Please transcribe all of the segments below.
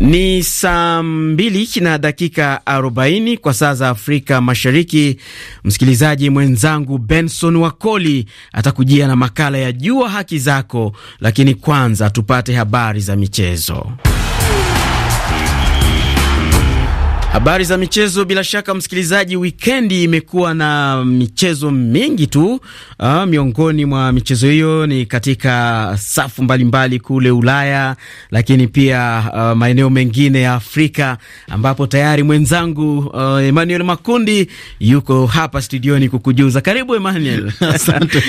Ni saa mbili na dakika arobaini kwa saa za Afrika Mashariki. Msikilizaji mwenzangu Benson Wakoli atakujia na makala ya Jua Haki Zako, lakini kwanza tupate habari za michezo. Habari za michezo. Bila shaka, msikilizaji, wikendi imekuwa na michezo mingi tu. Uh, miongoni mwa michezo hiyo ni katika safu mbalimbali mbali kule Ulaya, lakini pia uh, maeneo mengine ya Afrika ambapo tayari mwenzangu uh, Emmanuel Makundi yuko hapa studioni kukujuza. Karibu Emmanuel. Asante,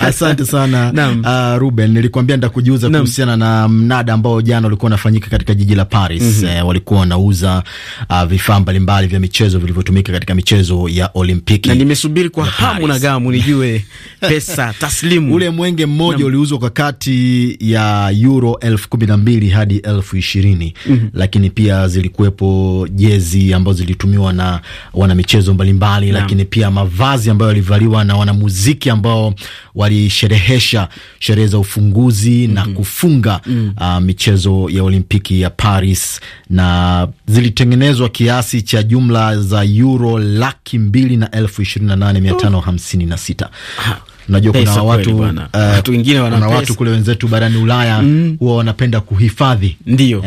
asante sana uh, Ruben, nilikuambia nitakujuza kuhusiana na mnada ambao jana ulikuwa unafanyika katika jiji la Paris. mm -hmm. Eh, walikuwa wanauza uh, vifaa mbalimbali vya michezo vilivyotumika katika michezo ya Olimpiki. Na nimesubiri kwa hamu na gamu nijue pesa taslimu. Ule mwenge mmoja uliuzwa kwa kati ya euro elfu kumi na mbili hadi elfu ishirini mm -hmm. Lakini pia zilikuwepo jezi ambazo zilitumiwa na wanamichezo mbalimbali, lakini pia mavazi ambayo yalivaliwa na wanamuziki ambao walisherehesha sherehe za ufunguzi mm -hmm. na kufunga mm -hmm. uh, michezo ya Olimpiki ya Paris na zilitengenezwa kiasi cha jumla za euro laki mbili na elfu ishirini na nane mia tano hamsini na sita. Ah, Unajua, kuna watu uh, watu wengine wana watu kule wenzetu barani Ulaya mm. huwa mm, wanapenda kuhifadhi ndio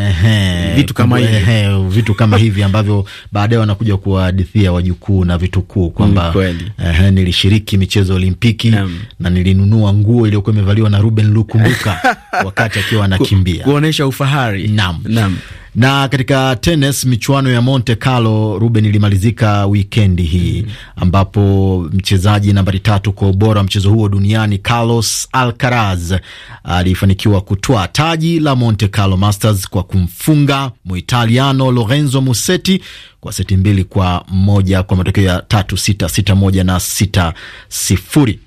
vitu kama hivi ehe, vitu kama hivi ambavyo baadaye wanakuja kuwahadithia wajukuu na vitukuu kwamba mm, nilishiriki michezo Olimpiki mm, na nilinunua nguo iliyokuwa imevaliwa na Ruben Lukumbuka wakati akiwa anakimbia kuonesha ufahari. Naam, naam. Na katika tenis michuano ya Monte Carlo Ruben ilimalizika wikendi hii mm -hmm. ambapo mchezaji nambari tatu kwa ubora wa mchezo huo duniani Carlos Alcaraz alifanikiwa kutoa taji la Monte Carlo Masters kwa kumfunga Muitaliano Lorenzo Musetti kwa seti mbili kwa moja kwa matokeo ya tatu sita sita moja na sita sifuri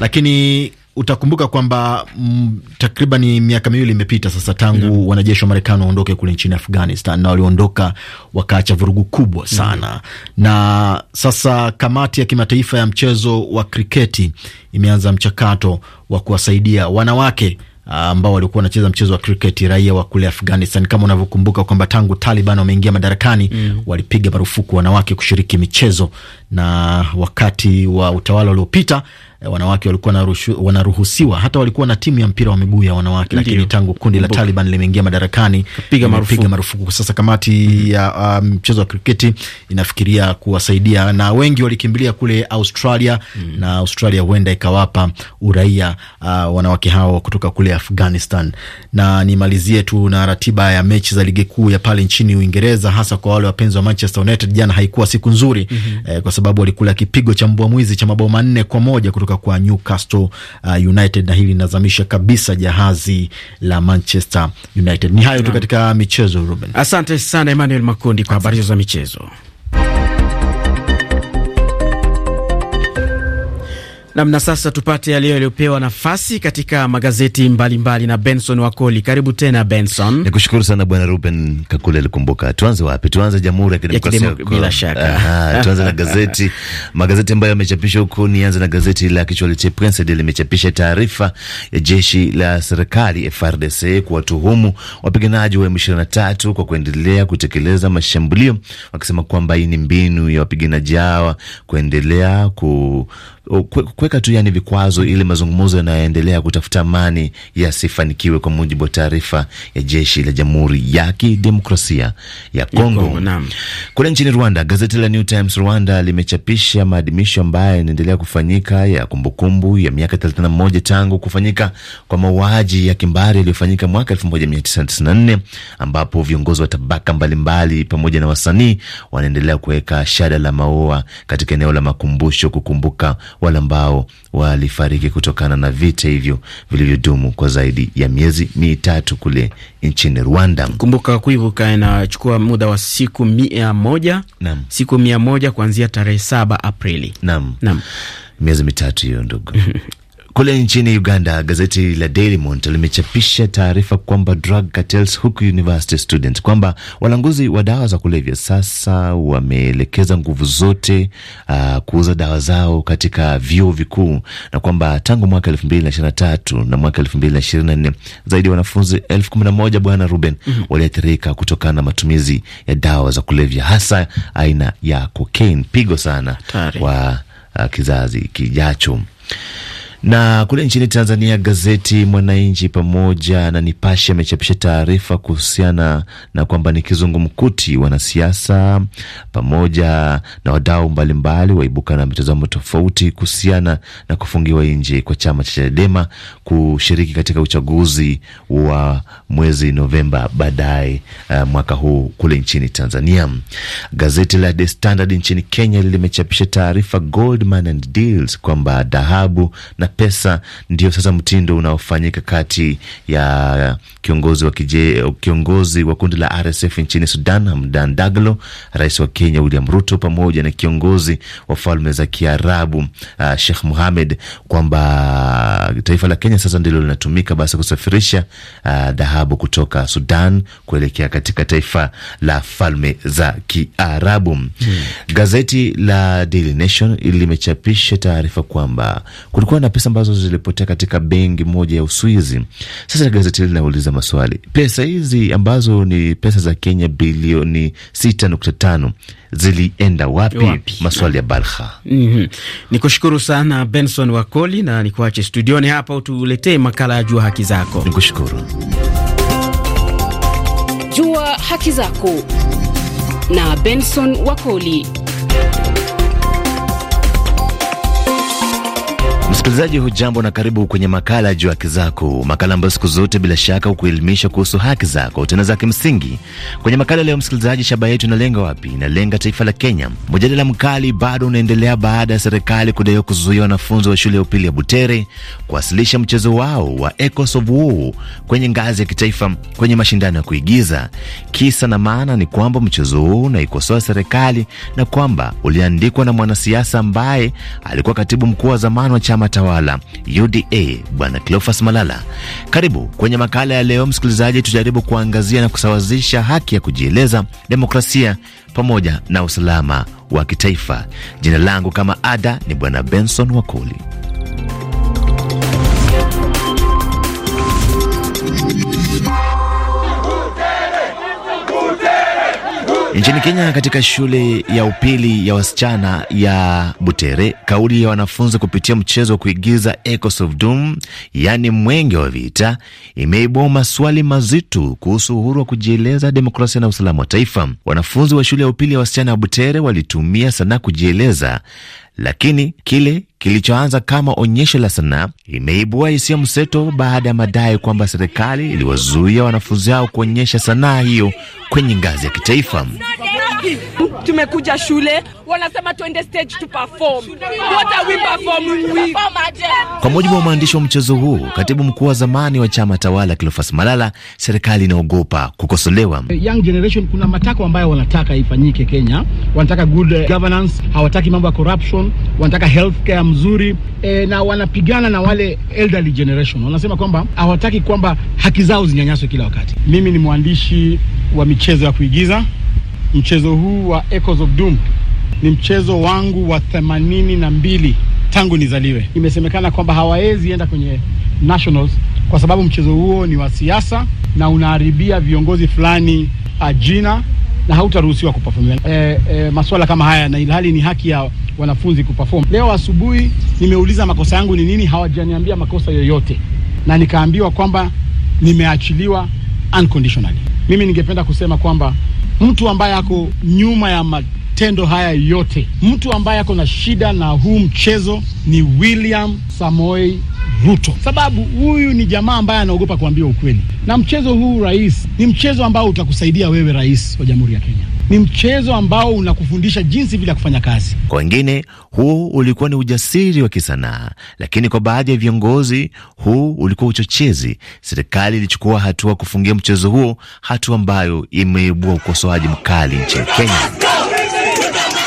lakini utakumbuka kwamba mm, takriban miaka miwili imepita sasa tangu yeah, wanajeshi wa Marekani waondoke kule nchini Afghanistan, na waliondoka wakaacha vurugu kubwa mm. sana yeah. Na sasa kamati ya kimataifa ya mchezo wa kriketi imeanza mchakato wa kuwasaidia wanawake ah, ambao walikuwa wanacheza mchezo wa kriketi raia wa kule Afghanistan. Kama unavyokumbuka kwamba tangu Taliban wameingia madarakani mm, walipiga marufuku wanawake kushiriki michezo, na wakati wa utawala uliopita Eh, wanawake walikuwa wanaruhusiwa, hata walikuwa na timu ya mpira wa miguu ya wanawake, Ndiyo. lakini tangu kundi la Taliban limeingia madarakani piga marufuku. Marufuku sasa kamati mm -hmm. ya um, mchezo um, wa kriketi inafikiria kuwasaidia, na wengi walikimbilia kule Australia mm. -hmm. na Australia huenda ikawapa uraia uh, wanawake hao kutoka kule Afghanistan. Na nimalizie tu na ratiba ya mechi za ligi kuu ya pale nchini Uingereza, hasa kwa wale wapenzi wa Manchester United. Jana haikuwa siku nzuri mm -hmm. eh, kwa sababu walikula kipigo cha mbwa mwizi cha mabao manne kwa moja kutoka kutoka kwa Newcastle uh, United, na hili linazamisha kabisa jahazi la Manchester United. Ni hayo tu katika michezo, Ruben. Asante sana Emmanuel Makundi kwa habari za michezo. Namna sasa tupate yaliyo yaliyopewa nafasi katika magazeti mbalimbali mbali na Benson Wakoli. Karibu tena Benson. Ni kushukuru sana bwana Ruben Kakule alikumbuka. Tuanze wapi? Tuanze Jamhuri ya Kidemokrasia bila shaka. Aha, tuanze na gazeti magazeti ambayo yamechapishwa huko. Nianze na gazeti la kichwa cha Prince Daily limechapisha taarifa ya jeshi la serikali FRDC kuwatuhumu wapiganaji wa M23 kwa kuendelea kutekeleza mashambulio, wakisema kwamba hii ni mbinu ya wapiganaji hawa kuendelea ku, ku, ku kuweka tu yani vikwazo ili mazungumzo yanayoendelea kutafuta amani yasifanikiwe, kwa mujibu wa taarifa ya jeshi la Jamhuri ya Kidemokrasia ya Kongo. Kule nchini Rwanda, gazeti la New Times Rwanda limechapisha maadhimisho ambayo yanaendelea kufanyika ya kumbukumbu ya miaka 31 tangu kufanyika kwa mauaji ya kimbari yaliyofanyika mwaka 1994 ambapo viongozi wa tabaka mbalimbali mbali, pamoja na wasanii wanaendelea kuweka shada la maua katika eneo la makumbusho kukumbuka wale ambao ambao walifariki kutokana na vita hivyo vilivyodumu kwa zaidi ya miezi mitatu kule nchini Rwanda. Kumbuka kuivuka inachukua muda wa siku mia moja nam siku mia moja kuanzia tarehe saba Aprili. nam nam miezi mitatu hiyo ndugu Kule nchini Uganda, gazeti la Daily Monitor limechapisha taarifa kwamba drug cartels huku university students, kwamba walanguzi wa dawa za kulevya sasa wameelekeza nguvu zote uh, kuuza dawa zao katika vyuo vikuu, na kwamba tangu mwaka elfu mbili na ishirini na tatu na mwaka elfu mbili na na nne zaidi ya wanafunzi elfu kumi na moja bwana Ruben, mm -hmm. waliathirika kutokana na matumizi ya dawa za kulevya hasa aina ya cocaine. Pigo sana Tari. kwa uh, kizazi kijacho. Na kule nchini Tanzania, gazeti Mwananchi pamoja na Nipashe amechapisha taarifa kuhusiana na kwamba ni kizungumkuti wanasiasa pamoja na wadau mbalimbali waibuka na mitazamo tofauti kuhusiana na kufungiwa nje kwa chama cha Chadema kushiriki katika uchaguzi wa mwezi Novemba baadaye uh, mwaka huu kule nchini Tanzania. Gazeti la The Standard nchini Kenya limechapisha taarifa Goldman and Deals kwamba dhahabu na na pesa, ndio sasa mtindo unaofanyika kati ya kiongozi wa kije, kiongozi wa kundi la RSF nchini Sudan Hamdan Daglo, rais wa Kenya William Ruto pamoja na kiongozi wa falme za Kiarabu uh, Sheikh Mohamed kwamba taifa la Kenya sasa ndilo linatumika basi kusafirisha uh, dhahabu kutoka Sudan kuelekea katika taifa la falme za Kiarabu. Hmm. Gazeti la Daily Nation limechapisha taarifa kwamba kulikuwa na pesa ambazo zilipotea katika benki moja ya Uswizi. Sasa gazeti hili linauliza maswali, pesa hizi ambazo ni pesa za Kenya bilioni 6.5 zilienda wapi? Wapi? Maswali ya balha. mm -hmm. Ni kushukuru sana Benson Wakoli na nikuache studioni hapa utuletee makala ya Jua Haki Zako. kushukuru Jua Haki Zako na Benson Wakoli. Msikilizaji, hujambo na karibu kwenye makala juu haki zako, makala ambayo siku zote bila shaka hukuelimisha kuhusu haki zako tena za kimsingi. Kwenye makala leo, msikilizaji, shabaha yetu inalenga wapi? Inalenga taifa la Kenya. Mjadala mkali bado unaendelea baada ya serikali kudaiwa kuzuia wanafunzi wa shule ya upili ya Butere kuwasilisha mchezo wao wa Echoes of War kwenye ngazi ya kitaifa kwenye mashindano ya kuigiza. Kisa na maana ni kwamba mchezo huu unaikosoa serikali na kwamba uliandikwa na mwanasiasa ambaye alikuwa katibu mkuu wa zamani wa chama tawala UDA Bwana Cleophas Malala. Karibu kwenye makala ya leo, msikilizaji, tujaribu kuangazia na kusawazisha haki ya kujieleza, demokrasia pamoja na usalama wa kitaifa. Jina langu kama ada ni Bwana Benson Wakoli. Nchini Kenya, katika shule ya upili ya wasichana ya Butere, kauli ya wanafunzi kupitia mchezo wa kuigiza Echoes of Doom, yaani mwenge wa vita, imeibua maswali mazito kuhusu uhuru wa kujieleza, demokrasia na usalama wa taifa. Wanafunzi wa shule ya upili ya wasichana ya Butere walitumia sanaa kujieleza, lakini kile kilichoanza kama onyesho la sanaa imeibua hisia mseto baada ya madai kwamba serikali iliwazuia wanafunzi hao kuonyesha sanaa hiyo kwenye ngazi ya kitaifa. Tumekuja shule, wanasema tuende stage tu perform. What are we performing kwa mujibu wa mwandishi wa mchezo huu, katibu mkuu wa zamani wa chama tawala Cleophas Malala, serikali inaogopa kukosolewa. Young generation, kuna matakwa ambayo wanataka ifanyike Kenya. Wanataka good eh, governance, hawataki mambo ya corruption, wanataka healthcare mzuri e, na wanapigana na wale elderly generation. Wanasema kwamba hawataki kwamba haki zao zinyanyaswe kila wakati. Mimi ni mwandishi wa michezo ya kuigiza. Mchezo huu wa Echoes of Doom ni mchezo wangu wa themanini na mbili tangu nizaliwe. Imesemekana kwamba hawawezi enda kwenye nationals kwa sababu mchezo huo ni wa siasa na unaharibia viongozi fulani ajina ah, na hautaruhusiwa kuperform e, eh, e, eh, masuala kama haya, na ilhali ni haki ya wanafunzi kuperform. Leo asubuhi nimeuliza makosa yangu ni nini, hawajaniambia makosa yoyote, na nikaambiwa kwamba nimeachiliwa unconditionally. Mimi ningependa kusema kwamba mtu ambaye ako nyuma ya matendo haya yote. Mtu ambaye ako na shida na huu mchezo ni William Samoei Ruto, sababu huyu ni jamaa ambaye anaogopa kuambia ukweli. Na mchezo huu rais, ni mchezo ambao utakusaidia wewe, rais wa Jamhuri ya Kenya ni mchezo ambao unakufundisha jinsi vile ya kufanya kazi. Kwa wengine huu ulikuwa ni ujasiri wa kisanaa, lakini kwa baadhi ya viongozi huu ulikuwa uchochezi. Serikali ilichukua hatua kufungia mchezo huo, hatua ambayo imeibua ukosoaji mkali nchini Kenya.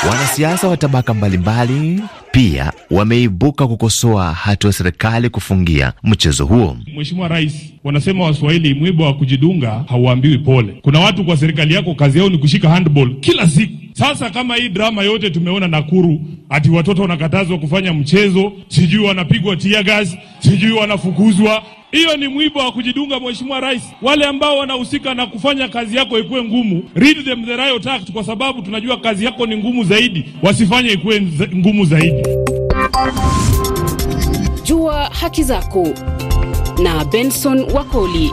Wanasiasa wa tabaka mbalimbali pia wameibuka kukosoa hatua ya serikali kufungia mchezo huo. Mheshimiwa Rais, wanasema Waswahili, mwiba wa kujidunga hauambiwi pole. Kuna watu kwa serikali yako kazi yao ni kushika handball kila siku sasa kama hii drama yote tumeona Nakuru, ati watoto wanakatazwa kufanya mchezo, sijui wanapigwa tear gas, sijui wanafukuzwa. Hiyo ni mwiba wa kujidunga, Mheshimiwa Rais. Wale ambao wanahusika na kufanya kazi yako ikuwe ngumu, read them the riot act, kwa sababu tunajua kazi yako ni ngumu zaidi, wasifanye ikuwe ngumu zaidi. Jua haki zako na Benson Wakoli.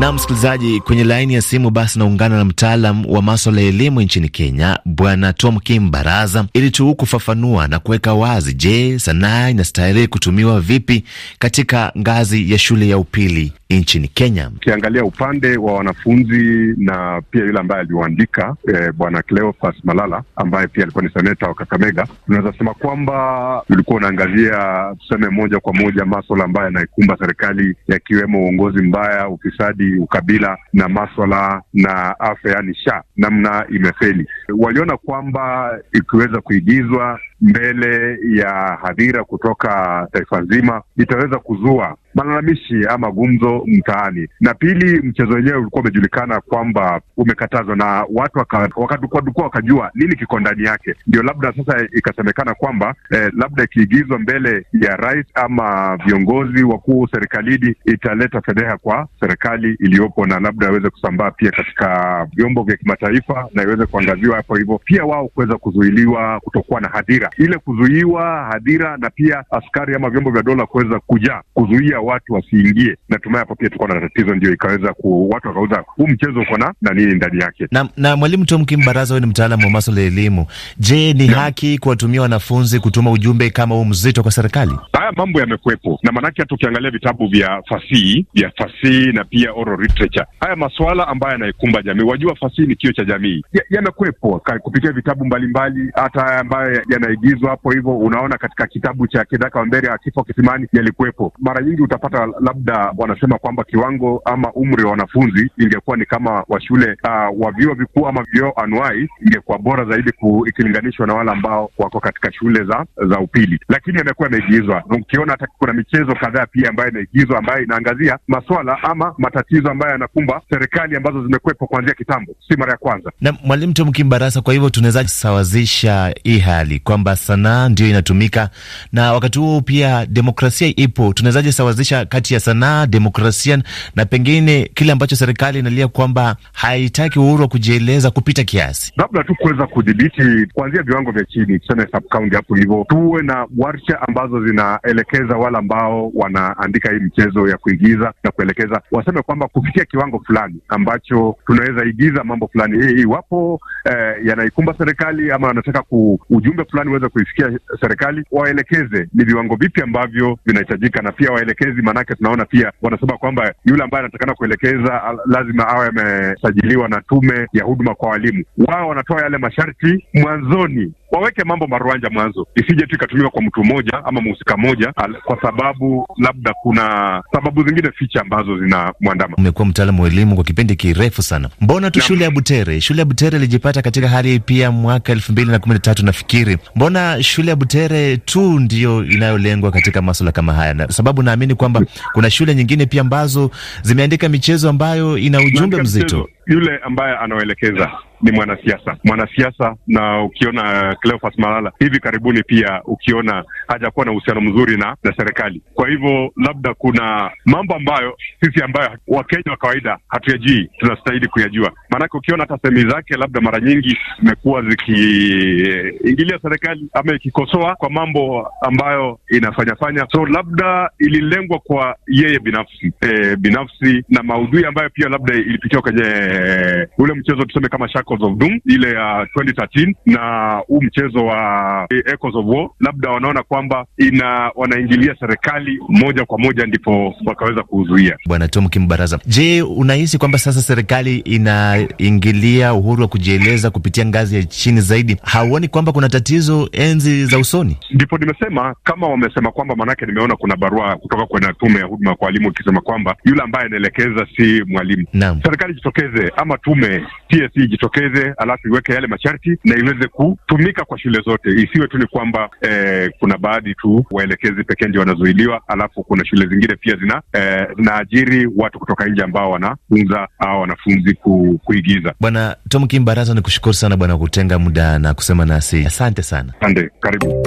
Na msikilizaji, kwenye laini ya simu basi naungana na mtaalam wa maswala ya elimu nchini Kenya, Bwana Tom Kim Baraza, ili tu kufafanua na kuweka wazi, je, sanaa inastahili kutumiwa vipi katika ngazi ya shule ya upili nchini Kenya. Ukiangalia upande wa wanafunzi na pia yule ambaye aliyoandika e, eh, Bwana Cleophas Malala ambaye pia alikuwa ni seneta wa Kakamega, tunaweza sema kwamba ulikuwa unaangazia tuseme, moja kwa moja maswala ambayo yanaikumba serikali yakiwemo uongozi mbaya, ufisadi, ukabila na maswala na afya, yani sha namna imefeli. Waliona kwamba ikiweza kuigizwa mbele ya hadhira kutoka taifa nzima itaweza kuzua malalamishi ama gumzo mtaani. Na pili, mchezo wenyewe ulikuwa umejulikana kwamba umekatazwa na watu wakadukua, wakajua nini kiko ndani yake. Ndio labda sasa ikasemekana kwamba eh, labda ikiigizwa mbele ya rais ama viongozi wakuu serikalini italeta fedheha kwa serikali iliyopo, na labda aweze kusambaa pia katika vyombo vya kimataifa na iweze kuangaziwa hapo hivyo, pia wao kuweza kuzuiliwa kutokuwa na hadhira hadhira, ile kuzuiwa hadhira na pia askari ama vyombo vya dola kuweza kujaa kuzuia watu wasiingie. Natumai hapo pia tukawa na tatizo, ndio ikaweza ku watu wakauza huu mchezo uko na na nini ndani yake. Na, na Mwalimu Tom Kimbaraza, huyu ni mtaalamu wa maswala ya elimu. Je, ni na haki kuwatumia wanafunzi kutuma ujumbe kama huu mzito kwa serikali? Haya mambo yamekuwepo, na maanake hata ukiangalia vitabu vya fasihi vya fasihi na pia oral literature, haya maswala ambayo yanaikumba jamii, wajua fasihi ni kio cha jamii, yamekuwepo ya kupitia vitabu mbalimbali hata haya ambayo yana maigizo hapo hivyo, unaona katika kitabu cha Kithaka Wambere Kifo Kisimani yalikuwepo. Mara nyingi utapata labda wanasema kwamba kiwango ama umri wa wanafunzi ingekuwa ni kama wa shule uh, wa vyuo vikuu ama vyuo anuai, ingekuwa bora zaidi ikilinganishwa na wale ambao wako katika shule za za upili, lakini yamekuwa yameigizwa. Ukiona hata kuna michezo kadhaa pia ambayo imeigizwa ambayo inaangazia maswala ama matatizo ambayo yanakumba serikali ambazo zimekuwepo kuanzia kitambo, si mara ya kwanza. Na Mwalimu Tom Kimbarasa, kwa hivyo tunaweza sawazisha hii hali kwamba kwamba sanaa ndio inatumika, na wakati huo pia demokrasia ipo. Tunawezaje sawazisha kati ya sanaa, demokrasia na pengine kile ambacho serikali inalia kwamba haitaki uhuru wa kujieleza kupita kiasi, labda tu kuweza kudhibiti kuanzia viwango vya chini, tuseme hapo hivyo, tuwe na warsha ambazo zinaelekeza wale ambao wanaandika hii mchezo ya kuigiza na kuelekeza, waseme kwamba kufikia kiwango fulani ambacho tunaweza igiza mambo fulani hii, iwapo eh, yanaikumba serikali ama anataka ku ujumbe fulani wameweza kuifikia serikali waelekeze ni viwango vipi ambavyo vinahitajika, na pia waelekezi, maanake tunaona pia wanasema kwamba yule ambaye anatakana kuelekeza lazima awe amesajiliwa na tume ya huduma kwa walimu. Wao wanatoa yale masharti mwanzoni waweke mambo marwanja mwanzo, isije tu ikatumiwa kwa mtu mmoja ama mhusika mmoja, kwa sababu labda kuna sababu zingine ficha ambazo zinamwandama. Umekuwa mtaalamu wa elimu kwa kipindi kirefu sana, mbona tu na shule ya Butere, shule ya Butere ilijipata katika hali pia mwaka elfu mbili na kumi na tatu nafikiri. Mbona shule ya Butere tu ndiyo inayolengwa katika maswala kama haya? Na sababu naamini kwamba kuna shule nyingine pia ambazo zimeandika michezo ambayo ina ujumbe mzito. Yule ambaye anaoelekeza ni mwanasiasa, mwanasiasa. Na ukiona uh, cleofas Malala hivi karibuni, pia ukiona hajakuwa na uhusiano mzuri na, na serikali. Kwa hivyo labda kuna mambo ambayo sisi ambayo Wakenya wa kawaida hatuyajui tunastahili kuyajua, maanake ukiona hata sehemi zake labda mara nyingi zimekuwa zikiingilia serikali ama ikikosoa kwa mambo ambayo inafanyafanya, so labda ililengwa kwa yeye binafsi e, binafsi na maudhui ambayo pia labda ilipitia kwenye eh, ule mchezo tuseme kama shaka Echoes of Doom ile ya 2013 na huu mchezo wa eh, Echoes of War, labda wanaona kwamba ina wanaingilia serikali moja kwa moja, ndipo wakaweza kuzuia. Bwana Tom Kimbaraza, je, unahisi kwamba sasa serikali inaingilia uhuru wa kujieleza kupitia ngazi ya chini zaidi? Hauoni kwamba kuna tatizo enzi za usoni? Ndipo nimesema kama wamesema kwamba, maanake nimeona kuna barua kutoka kwenye tume ya huduma kwa walimu ikisema kwamba yule ambaye anaelekeza si mwalimu. Serikali jitokeze ama tume TSC e jitokeze ijitokeze, alafu iweke yale masharti na iweze kutumika kwa shule zote, isiwe tu ni kwamba eh, kuna baadhi tu waelekezi pekee ndio wanazuiliwa, alafu kuna shule zingine pia zina eh, zinaajiri watu kutoka nje ambao wanafunza au wanafunzi ku, kuigiza. Bwana Tom Kimbaraza, ni kushukuru sana bwana kutenga muda na kusema nasi, asante sana. Asante, karibu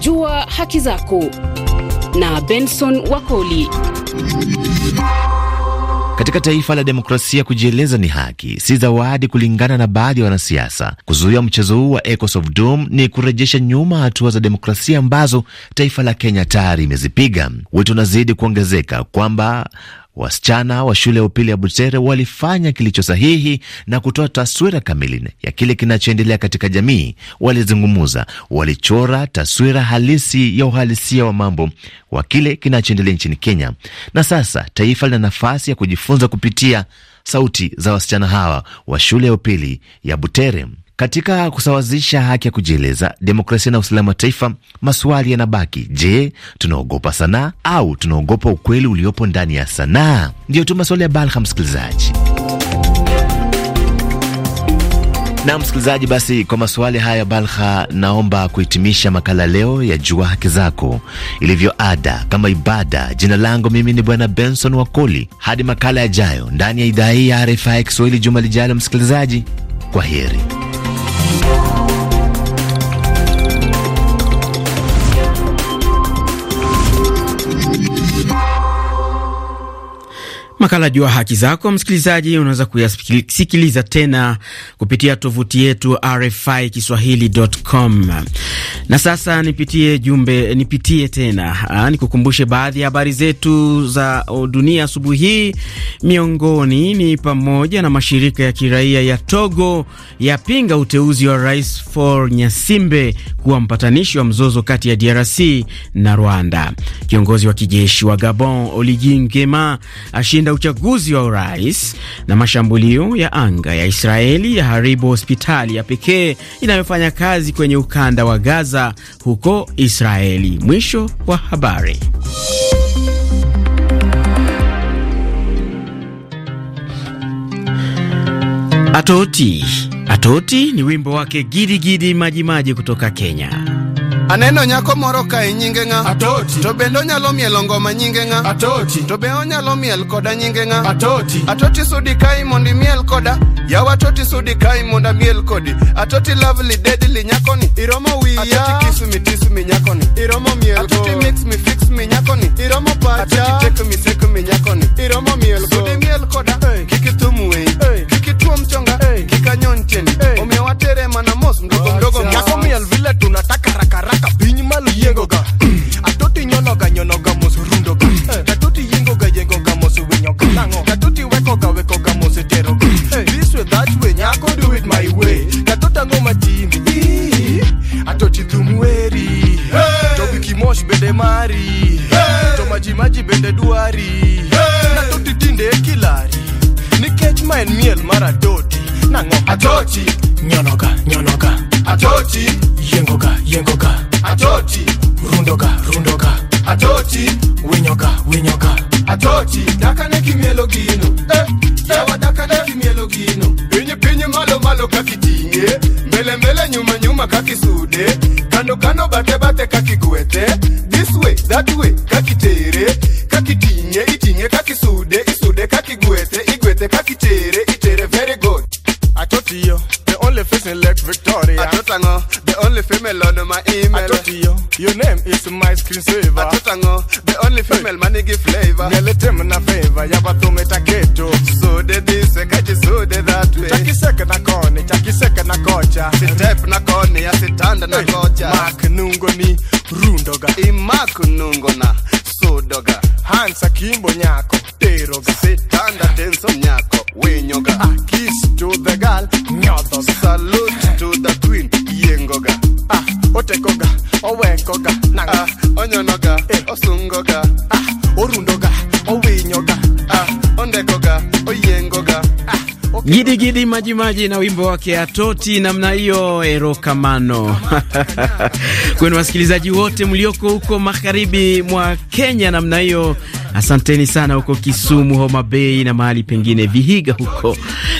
Jua Haki Zako na Benson Wakoli. Katika taifa la demokrasia, kujieleza ni haki, si zawadi, kulingana na baadhi ya wanasiasa. Kuzuia mchezo huu wa Echoes of Doom ni kurejesha nyuma hatua za demokrasia ambazo taifa la Kenya tayari imezipiga. Wito unazidi kuongezeka kwamba Wasichana wa shule ya upili ya Butere walifanya kilicho sahihi na kutoa taswira kamili ya kile kinachoendelea katika jamii. Walizungumuza, walichora taswira halisi ya uhalisia wa mambo wa kile kinachoendelea nchini Kenya, na sasa taifa lina nafasi ya kujifunza kupitia sauti za wasichana hawa wa shule ya upili ya Butere. Katika kusawazisha haki ya kujieleza, demokrasia na usalama wa taifa, maswali yanabaki. Je, tunaogopa sanaa au tunaogopa ukweli uliopo ndani ya sanaa? Ndiyo tu maswali ya balha, msikilizaji na msikilizaji, basi kwa maswali haya ya balha, naomba kuhitimisha makala leo ya Jua Haki Zako ilivyo ada kama ibada. Jina langu mimi ni Bwana Benson Wakoli. Hadi makala yajayo ndani ya idhaa hii ya RFI Kiswahili juma lijalo, msikilizaji, kwa heri. Makala Jua Haki Zako, msikilizaji, unaweza kuyasikiliza tena kupitia tovuti yetu RFI Kiswahili.com. Na sasa nipitie jumbe, nipitie tena nikukumbushe baadhi ya habari zetu za dunia asubuhi hii. Miongoni ni pamoja na mashirika ya kiraia ya Togo yapinga uteuzi wa Rais Faure Nyasimbe kuwa mpatanishi wa mzozo kati ya DRC na Rwanda. Kiongozi wa kijeshi wa Gabon Oligi Ngema ashinda na uchaguzi wa urais, na mashambulio ya anga ya Israeli ya haribu hospitali ya pekee inayofanya kazi kwenye ukanda wa Gaza huko Israeli. Mwisho wa habari. Atoti Atoti ni wimbo wake Gidigidi Majimaji kutoka Kenya. Aneno nyako moro kae nyinge ng'a Atoti To bende onyalo mielo ngoma nyinge ng'a Atoti To be onyalo miel koda nyinge ng'a Atoti Atoti sudi kae mondi miel koda Yawa Atoti sudi kae monda miel kodi Atoti lovely deadly nyakoni Iromo wiya Atoti kiss me kiss me nyakoni Iromo miel ko Atoti mix me fix me nyakoni Iromo pacha Atoti take me take me nyakoni Iromo miel ko Sudi miel koda hey. yengoga atoti rundoga rundoga atoti winyoka, winyoka. atoti dakane kimielo gino eh, yawa dakane kimielo gino pinye pinye malo malo kakitinge mbele mbele nyuma nyuma kakisude kando kando bate bate kakigwete this way that way kakitere is Elect Victoria. Atotango, the only female on my email. Atotio, your name is my screensaver. Atotango, the only female hey. money give flavor. Neletem na favor, yabatume taketo. So de this, e kaji so de that way. Chaki Chakiseka na kone, chaki chakiseka na kocha. Si Sitep na kone, ya si tanda na kocha. Mark nungo ni rundoga. nungo na sudoga. Hansa kimbo nyako. maji na wimbo wake Atoti namna hiyo, erokamano kwenu wasikilizaji wote mlioko huko magharibi mwa Kenya namna hiyo Asanteni sana huko Kisumu, Homa Bay na mahali pengine Vihiga huko.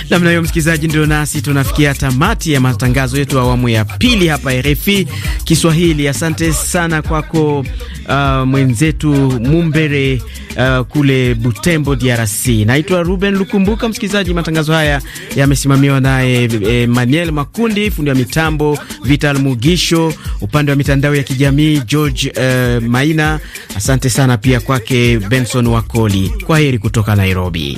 Namna hiyo, msikilizaji, ndio nasi tunafikia tamati ya matangazo yetu awamu ya pili hapa RFI Kiswahili. Asante sana kwako uh, mwenzetu Mumbere uh, kule Butembo, DRC. Naitwa Ruben Lukumbuka. Msikilizaji, matangazo haya yamesimamiwa naye eh, Manuel Makundi, fundi wa mitambo Vital Mugisho, upande wa mitandao ya kijamii George uh, Maina. Asante sana pia kwake Ben Benson Wakoli. Kwa heri kutoka Nairobi.